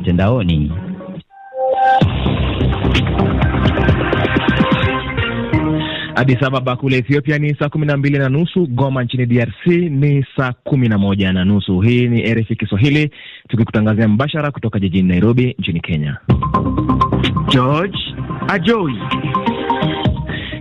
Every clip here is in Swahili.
mitandaoni. Addis Ababa kule Ethiopia ni saa kumi na mbili na nusu. Goma nchini DRC ni saa kumi na moja na nusu. Hii ni RFI Kiswahili tukikutangazia mbashara kutoka jijini Nairobi nchini Kenya. George Ajoi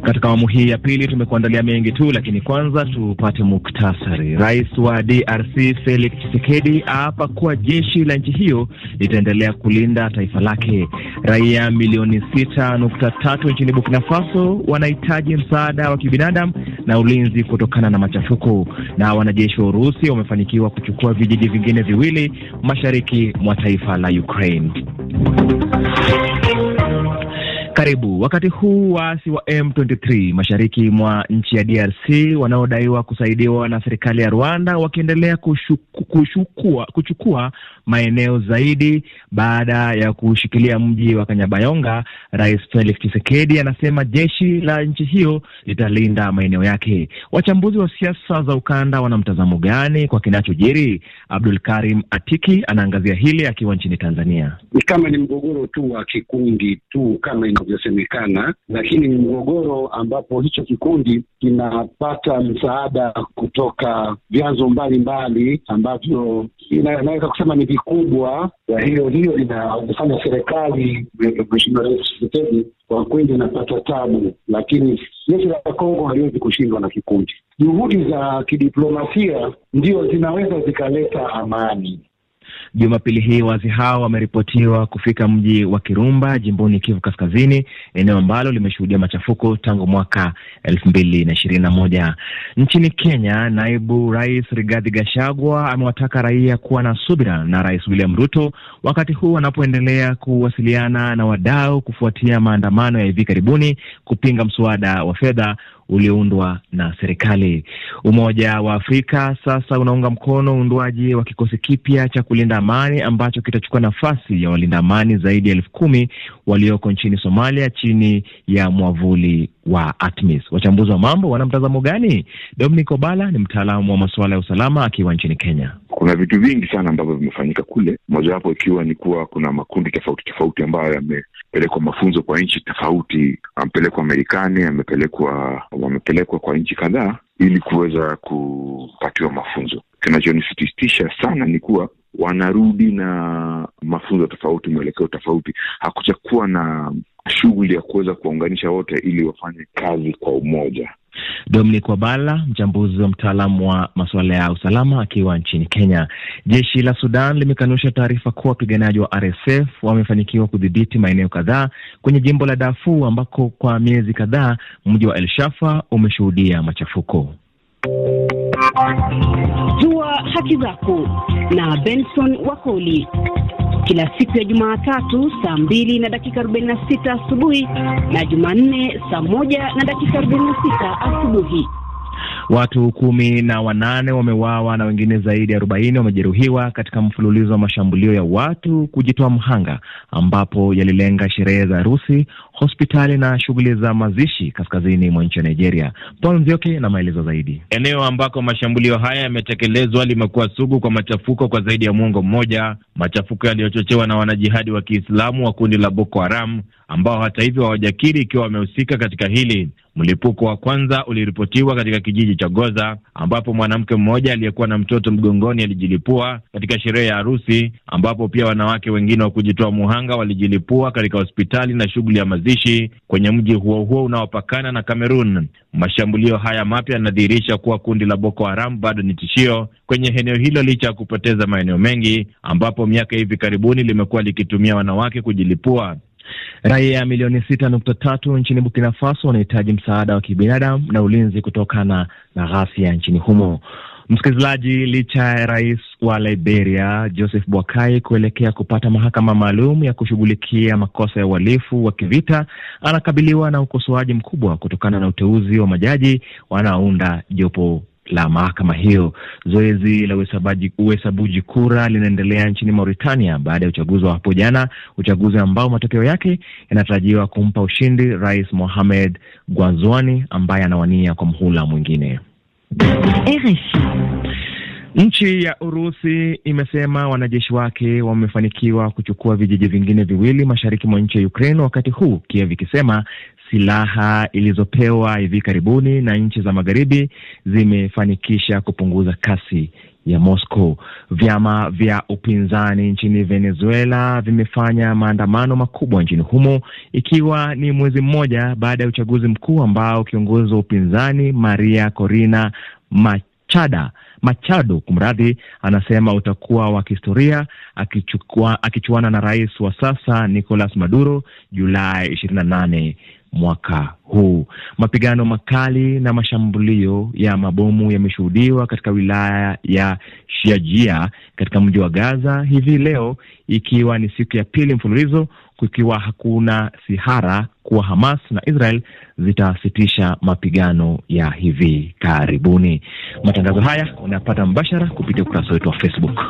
katika awamu hii ya pili tumekuandalia mengi tu, lakini kwanza tupate muktasari. Rais wa DRC Felix Tshisekedi aapa kuwa jeshi la nchi hiyo litaendelea kulinda taifa lake. Raia milioni 63 nukta tatu nchini Burkina Faso wanahitaji msaada wa kibinadamu na ulinzi kutokana na machafuko. Na wanajeshi wa Urusi wamefanikiwa kuchukua vijiji vingine viwili mashariki mwa taifa la Ukraine. Karibu. Wakati huu waasi wa M23 mashariki mwa nchi ya DRC wanaodaiwa kusaidiwa na serikali ya Rwanda wakiendelea kuchukua kuchukua maeneo zaidi baada ya kushikilia mji wa Kanyabayonga, Rais Felix Tshisekedi anasema jeshi la nchi hiyo litalinda maeneo yake. Wachambuzi wa siasa za ukanda wana mtazamo gani kwa kinachojiri? Abdul Karim Atiki anaangazia hili akiwa nchini Tanzania. Ni kama ni mgogoro tu wa kikundi tu kama inavyosemekana, lakini ni mgogoro ambapo hicho kikundi kinapata msaada kutoka vyanzo mbalimbali ambavyo inaweza kusema ni vikubwa. Kwa hiyo hiyo inafanya serikali, Mheshimiwa Rais Tshisekedi kwa kweli inapata tabu, lakini jeshi la Kongo haliwezi kushindwa na kikundi. Juhudi za kidiplomasia ndio zinaweza zikaleta amani. Jumapili hii waasi hao wameripotiwa kufika mji wa Kirumba jimboni Kivu Kaskazini, eneo ambalo limeshuhudia machafuko tangu mwaka elfu mbili na ishirini na moja. Nchini Kenya, naibu rais Rigathi Gachagua amewataka raia kuwa na subira na Rais William Ruto wakati huu wanapoendelea kuwasiliana na wadau kufuatia maandamano ya hivi karibuni kupinga mswada wa fedha ulioundwa na serikali. Umoja wa Afrika sasa unaunga mkono uundwaji wa kikosi kipya cha kulinda amani ambacho kitachukua nafasi ya walinda amani zaidi ya elfu kumi walioko nchini Somalia chini ya mwavuli wa ATMIS. Wachambuzi wa mambo wana mtazamo gani? Dominic Obala ni mtaalamu wa masuala ya usalama akiwa nchini Kenya. Kuna vitu vingi sana ambavyo vimefanyika kule, mojawapo ikiwa ni kuwa kuna makundi tofauti tofauti ambayo yame amepelekwa mafunzo kwa nchi tofauti, amepelekwa Marekani, amepelekwa wamepelekwa kwa nchi kadhaa ili kuweza kupatiwa mafunzo. Kinachonisititisha sana ni kuwa wanarudi na mafunzo tofauti, mwelekeo tofauti. Hakuchakuwa na shughuli ya kuweza kuwaunganisha wote ili wafanye kazi kwa umoja. Dominic Wabala, mchambuzi wa mtaalamu wa masuala ya usalama akiwa nchini Kenya. Jeshi la Sudan limekanusha taarifa kuwa wapiganaji wa RSF wamefanikiwa kudhibiti maeneo kadhaa kwenye jimbo la Darfur ambako kwa miezi kadhaa mji wa El Shafa umeshuhudia machafuko. Jua haki zako na Benson Wakoli kila siku ya Jumatatu saa mbili na dakika 46 asubuhi na Jumanne saa moja na dakika 46 asubuhi. Watu kumi na wanane wamewawa na wengine zaidi ya arobaini wamejeruhiwa katika mfululizo wa mashambulio ya watu kujitoa mhanga ambapo yalilenga sherehe za harusi, hospitali na shughuli za mazishi kaskazini mwa nchi ya Nigeria. Paul Nzioke na maelezo zaidi. Eneo ambako mashambulio haya yametekelezwa limekuwa sugu kwa machafuko kwa zaidi ya mwongo mmoja, machafuko yaliyochochewa na wanajihadi wa Kiislamu wa kundi la Boko Haram ambao hata hivyo hawajakiri ikiwa wamehusika katika hili. Mlipuko wa kwanza uliripotiwa katika kijiji cha Goza ambapo mwanamke mmoja aliyekuwa na mtoto mgongoni alijilipua katika sherehe ya harusi, ambapo pia wanawake wengine wa kujitoa muhanga walijilipua katika hospitali na shughuli ya mazishi kwenye mji huo huo unaopakana na Kamerun. Mashambulio haya mapya yanadhihirisha kuwa kundi la Boko Haram bado ni tishio kwenye eneo hilo licha ya kupoteza maeneo mengi, ambapo miaka hivi karibuni limekuwa likitumia wanawake kujilipua. Raia milioni sita nukta tatu nchini Burkina Faso wanahitaji msaada wa kibinadamu na ulinzi kutokana na ghasia nchini humo. Msikilizaji, licha ya rais wa Liberia Joseph Boakai kuelekea kupata mahakama maalum ya kushughulikia makosa ya uhalifu wa kivita, anakabiliwa na ukosoaji mkubwa kutokana na uteuzi wa majaji wanaounda jopo la mahakama hiyo. Zoezi la uhesabuji kura linaendelea nchini Mauritania baada ya uchaguzi wa hapo jana, uchaguzi ambao matokeo yake yanatarajiwa kumpa ushindi Rais Mohamed Gwazwani ambaye anawania kwa mhula mwingine. Nchi ya Urusi imesema wanajeshi wake wamefanikiwa kuchukua vijiji vingine viwili mashariki mwa nchi ya Ukraine, wakati huu Kiev ikisema silaha ilizopewa hivi karibuni na nchi za magharibi zimefanikisha kupunguza kasi ya Moscow. Vyama vya upinzani nchini Venezuela vimefanya maandamano makubwa nchini humo ikiwa ni mwezi mmoja baada ya uchaguzi mkuu ambao kiongozi wa upinzani Maria Corina Machada Machado kumradhi, anasema utakuwa wa kihistoria akichuana na rais wa sasa Nicolas Maduro Julai ishirini nane mwaka huu. Mapigano makali na mashambulio ya mabomu yameshuhudiwa katika wilaya ya Shiajia katika mji wa Gaza hivi leo, ikiwa ni siku ya pili mfululizo kukiwa hakuna sihara kuwa Hamas na Israel zitasitisha mapigano ya hivi karibuni. Matangazo haya unayapata mbashara kupitia ukurasa wetu wa Facebook.